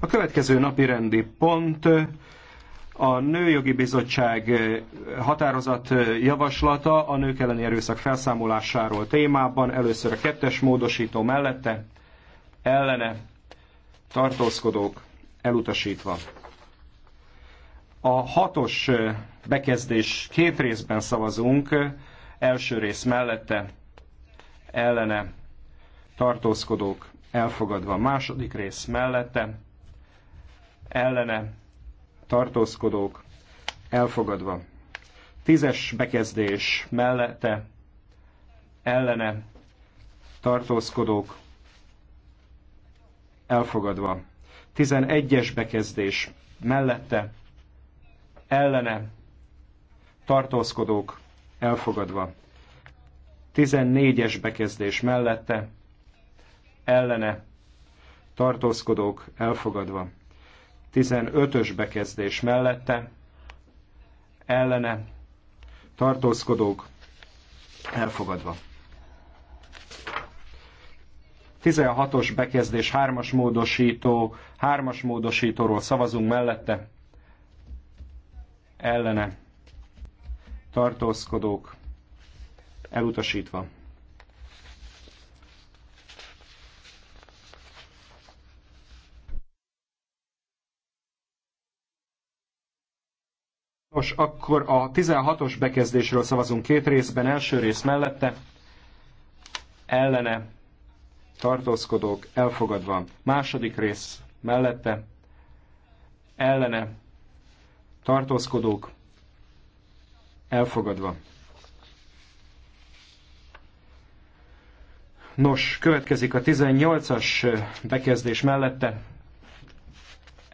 A következő napi rendi pont a Nőjogi Bizottság határozat javaslata a nők elleni erőszak felszámolásáról témában. Először a kettes módosító mellette, ellene tartózkodók elutasítva. A hatos bekezdés két részben szavazunk, első rész mellette, ellene tartózkodók elfogadva a második rész mellette, ellene tartózkodók elfogadva. Tízes bekezdés mellette, ellene tartózkodók elfogadva. Tizenegyes bekezdés mellette, ellene tartózkodók elfogadva. tizennégyes bekezdés mellette, ellene tartózkodók elfogadva. 15-ös bekezdés mellette ellene tartózkodók elfogadva. 16-os bekezdés hármas módosító, hármas módosítóról szavazunk mellette ellene tartózkodók elutasítva. Nos, akkor a 16-os bekezdésről szavazunk két részben, első rész mellette, ellene, tartózkodók, elfogadva. Második rész mellette, ellene, tartózkodók, elfogadva. Nos, következik a 18-as bekezdés mellette,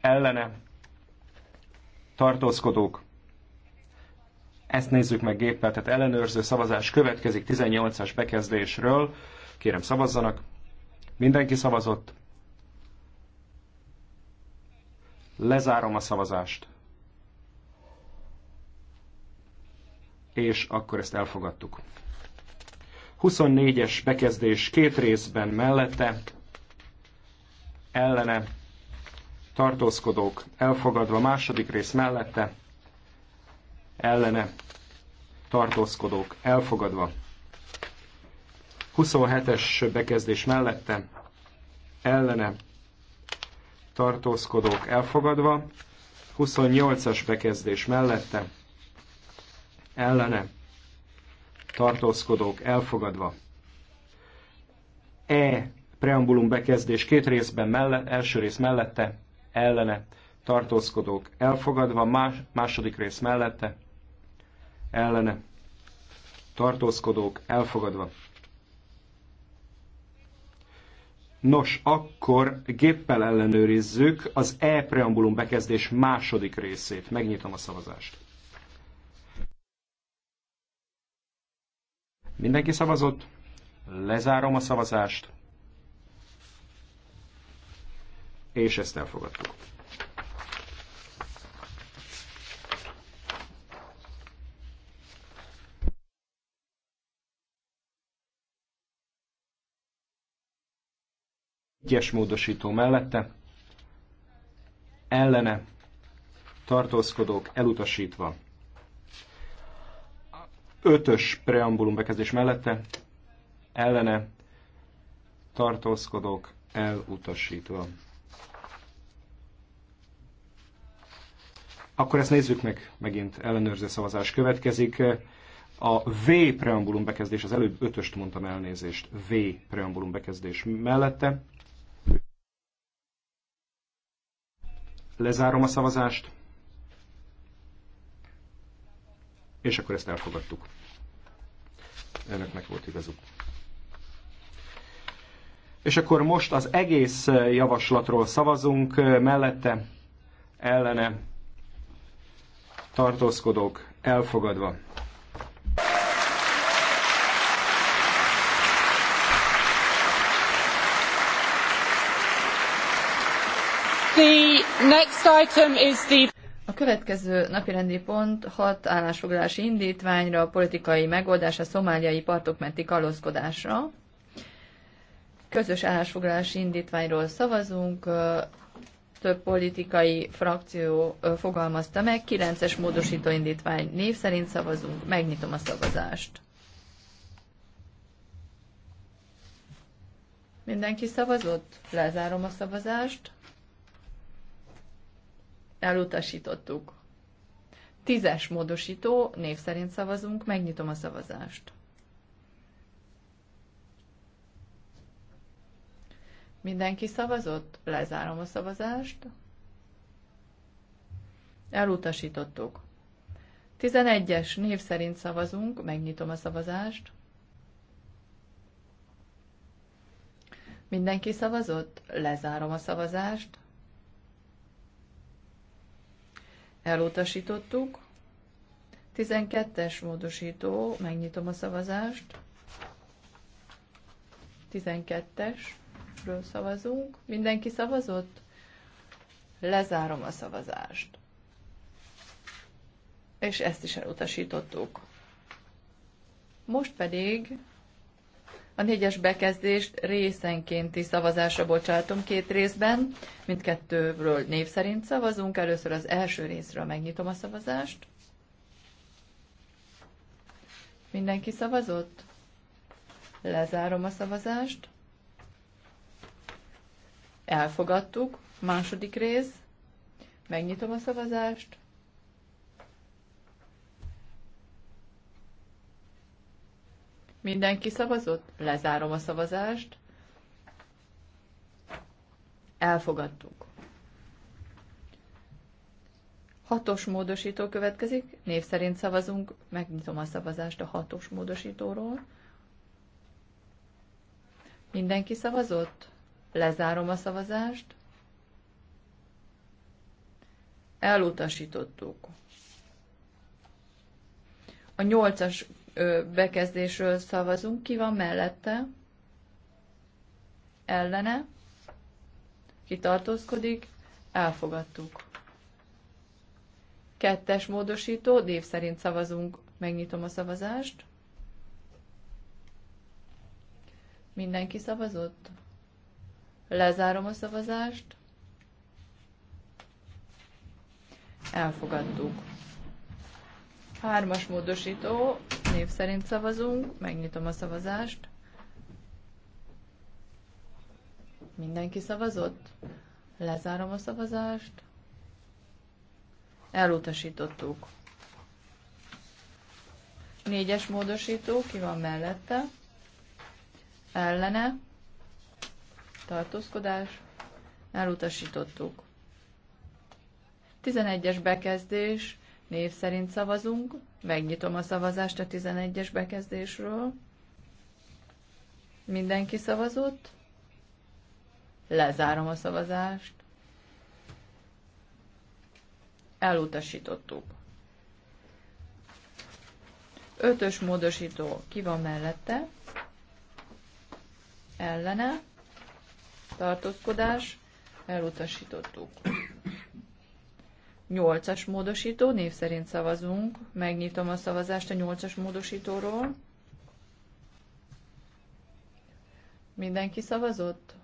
ellene, tartózkodók, ezt nézzük meg géppel, tehát ellenőrző szavazás következik 18-as bekezdésről. Kérem szavazzanak. Mindenki szavazott. Lezárom a szavazást. És akkor ezt elfogadtuk. 24-es bekezdés két részben mellette, ellene, tartózkodók elfogadva, második rész mellette, ellene, tartózkodók elfogadva. 27-es bekezdés mellette ellene tartózkodók elfogadva, 28-as bekezdés mellette ellene tartózkodók elfogadva. E preambulum bekezdés két részben mellett, első rész mellette ellene tartózkodók elfogadva, más, második rész mellette ellene tartózkodók elfogadva. Nos, akkor géppel ellenőrizzük az e-preambulum bekezdés második részét. Megnyitom a szavazást. Mindenki szavazott? Lezárom a szavazást. És ezt elfogadtuk. egyes módosító mellette, ellene tartózkodók elutasítva. Ötös preambulum bekezdés mellette, ellene tartózkodók elutasítva. Akkor ezt nézzük meg, megint ellenőrző szavazás következik. A V preambulum bekezdés, az előbb ötöst mondtam elnézést, V preambulum bekezdés mellette, Lezárom a szavazást. És akkor ezt elfogadtuk. Önöknek volt igazuk. És akkor most az egész javaslatról szavazunk, mellette, ellene, tartózkodók, elfogadva. The a következő napirendi pont hat állásfoglalási indítványra, politikai megoldás a szomáliai partok menti kalózkodásra. Közös állásfoglalási indítványról szavazunk, több politikai frakció fogalmazta meg, 9-es módosító indítvány név szerint szavazunk, megnyitom a szavazást. Mindenki szavazott? Lezárom a szavazást. Elutasítottuk. Tízes módosító, név szerint szavazunk, megnyitom a szavazást. Mindenki szavazott? Lezárom a szavazást. Elutasítottuk. 11-es név szerint szavazunk, megnyitom a szavazást. Mindenki szavazott? Lezárom a szavazást. Elutasítottuk. 12-es módosító, megnyitom a szavazást. 12-esről szavazunk. Mindenki szavazott? Lezárom a szavazást. És ezt is elutasítottuk. Most pedig a négyes bekezdést részenkénti szavazásra bocsátom két részben, mindkettőről név szerint szavazunk. Először az első részről megnyitom a szavazást. Mindenki szavazott? Lezárom a szavazást. Elfogadtuk. Második rész. Megnyitom a szavazást. Mindenki szavazott? Lezárom a szavazást. Elfogadtuk. Hatos módosító következik, név szerint szavazunk, megnyitom a szavazást a hatos módosítóról. Mindenki szavazott? Lezárom a szavazást. Elutasítottuk. A nyolcas bekezdésről szavazunk. Ki van mellette? Ellene? Ki tartózkodik? Elfogadtuk. Kettes módosító, név szerint szavazunk. Megnyitom a szavazást. Mindenki szavazott? Lezárom a szavazást. Elfogadtuk. Hármas módosító, név szerint szavazunk, megnyitom a szavazást. Mindenki szavazott? Lezárom a szavazást. Elutasítottuk. Négyes módosító, ki van mellette? Ellene. Tartózkodás. Elutasítottuk. 11-es bekezdés, Név szerint szavazunk. Megnyitom a szavazást a 11-es bekezdésről. Mindenki szavazott. Lezárom a szavazást. Elutasítottuk. Ötös módosító ki van mellette? Ellene. Tartózkodás. Elutasítottuk. Nyolcas módosító, név szerint szavazunk. Megnyitom a szavazást a nyolcas módosítóról. Mindenki szavazott?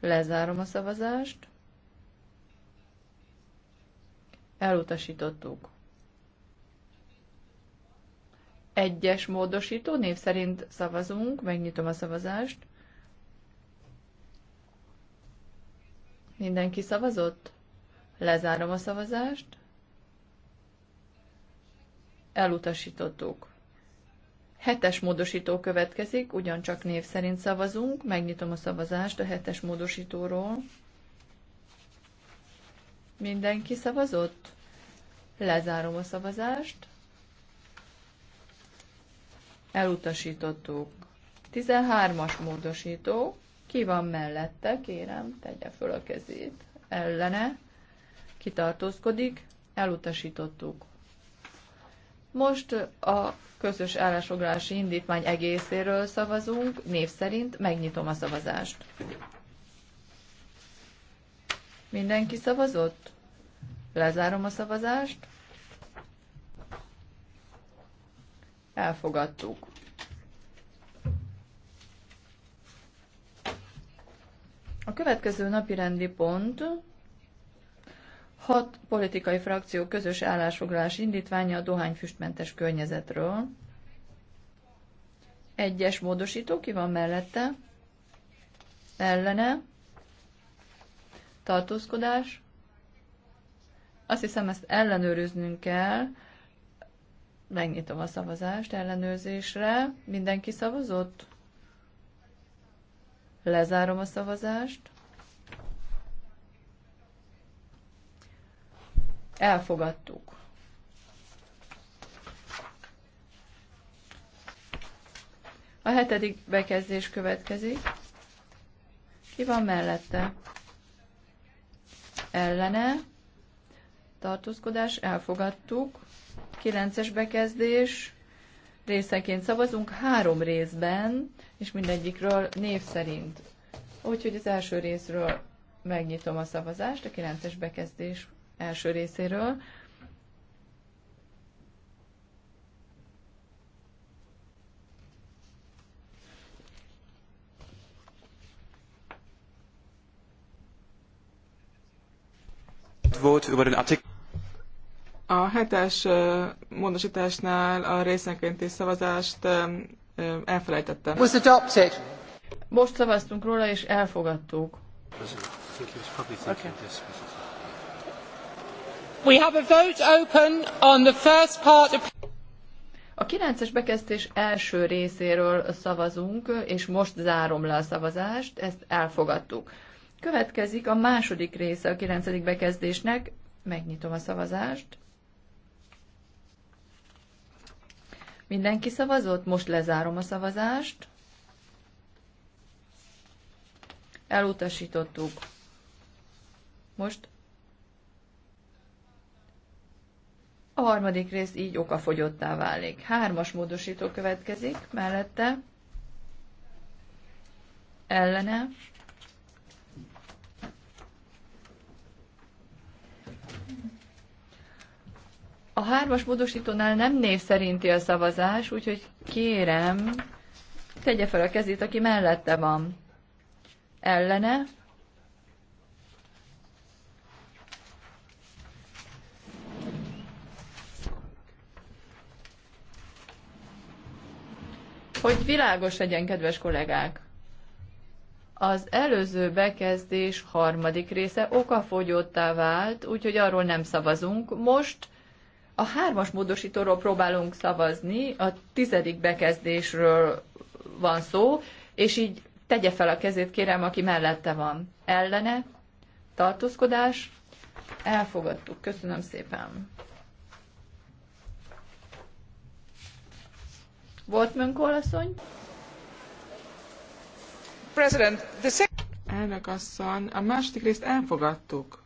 Lezárom a szavazást. Elutasítottuk. Egyes módosító, név szerint szavazunk. Megnyitom a szavazást. Mindenki szavazott? Lezárom a szavazást. Elutasítottuk. Hetes módosító következik, ugyancsak név szerint szavazunk. Megnyitom a szavazást a hetes módosítóról. Mindenki szavazott? Lezárom a szavazást. Elutasítottuk. 13-as módosító. Ki van mellette? Kérem, tegye föl a kezét. Ellene kitartózkodik, elutasítottuk. Most a közös állásfoglalási indítvány egészéről szavazunk, név szerint megnyitom a szavazást. Mindenki szavazott? Lezárom a szavazást. Elfogadtuk. A következő napi rendi pont hat politikai frakció közös állásfoglalás indítványa a dohányfüstmentes környezetről. Egyes módosító, ki van mellette? Ellene? Tartózkodás? Azt hiszem, ezt ellenőriznünk kell. Megnyitom a szavazást ellenőrzésre. Mindenki szavazott? Lezárom a szavazást. Elfogadtuk. A hetedik bekezdés következik. Ki van mellette? Ellene. Tartózkodás. Elfogadtuk. Kilences bekezdés. Részeként szavazunk három részben, és mindegyikről név szerint. Úgyhogy az első részről megnyitom a szavazást, a kilences bekezdés első részéről. A hetes módosításnál a részenkénti szavazást elfelejtettem. Was adopted. Most szavaztunk róla, és elfogadtuk. Okay a kilences bekezdés első részéről szavazunk, és most zárom le a szavazást, ezt elfogadtuk. Következik a második része a kilencedik bekezdésnek, megnyitom a szavazást. Mindenki szavazott, most lezárom a szavazást. Elutasítottuk. Most a harmadik rész így okafogyottá válik. Hármas módosító következik, mellette, ellene, A hármas módosítónál nem név szerinti a szavazás, úgyhogy kérem, tegye fel a kezét, aki mellette van. Ellene, Hogy világos legyen, kedves kollégák, az előző bekezdés harmadik része okafogyottá vált, úgyhogy arról nem szavazunk. Most a hármas módosítóról próbálunk szavazni, a tizedik bekezdésről van szó, és így tegye fel a kezét, kérem, aki mellette van. Ellene, tartózkodás, elfogadtuk. Köszönöm szépen. Volt mönkólaszony? President, the second... Elnök asszony, a második részt elfogadtuk.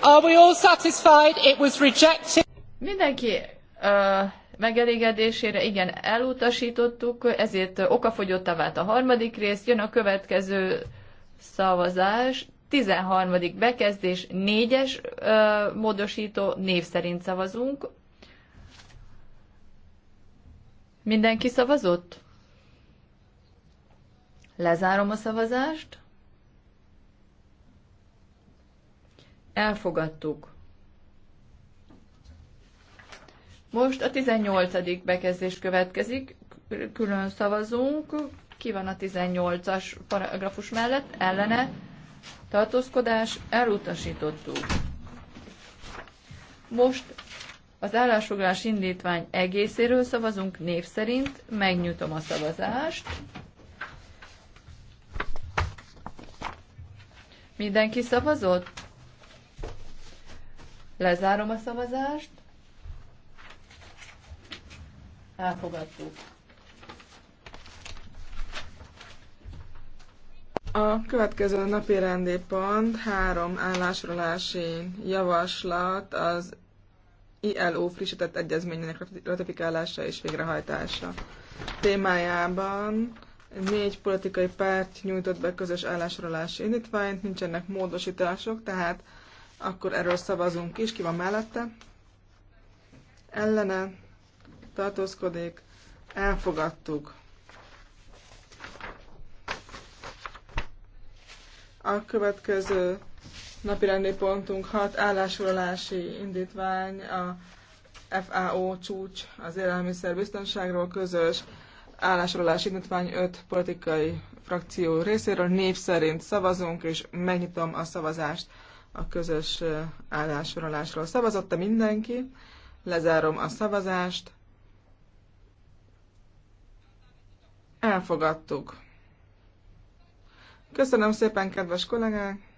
Are we all satisfied? It was rejected. Mindenki uh, megelégedésére, igen, elutasítottuk, ezért okafogyottá vált a harmadik rész, jön a következő szavazás, 13. bekezdés, 4-es módosító, név szerint szavazunk. Mindenki szavazott? Lezárom a szavazást. Elfogadtuk. Most a 18. bekezdés következik, külön szavazunk, ki van a 18-as paragrafus mellett, ellene, tartózkodás, elutasítottuk. Most az állásfoglalás indítvány egészéről szavazunk név szerint, megnyitom a szavazást. Mindenki szavazott? Lezárom a szavazást. Elfogadtuk. A következő napi rendi pont három állásolási javaslat az ILO frissített egyezményének ratifikálása és végrehajtása témájában. Négy politikai párt nyújtott be közös állásrólási indítványt, nincsenek módosítások, tehát akkor erről szavazunk is. Ki van mellette? Ellene tartózkodik. Elfogadtuk. A következő napirendi pontunk hat Állásolási indítvány a FAO csúcs az élelmiszer biztonságról közös állásolási indítvány öt politikai frakció részéről. Név szerint szavazunk, és megnyitom a szavazást a közös állásolásról. Szavazotta mindenki? Lezárom a szavazást. Elfogadtuk. Köszönöm szépen, kedves kollégák!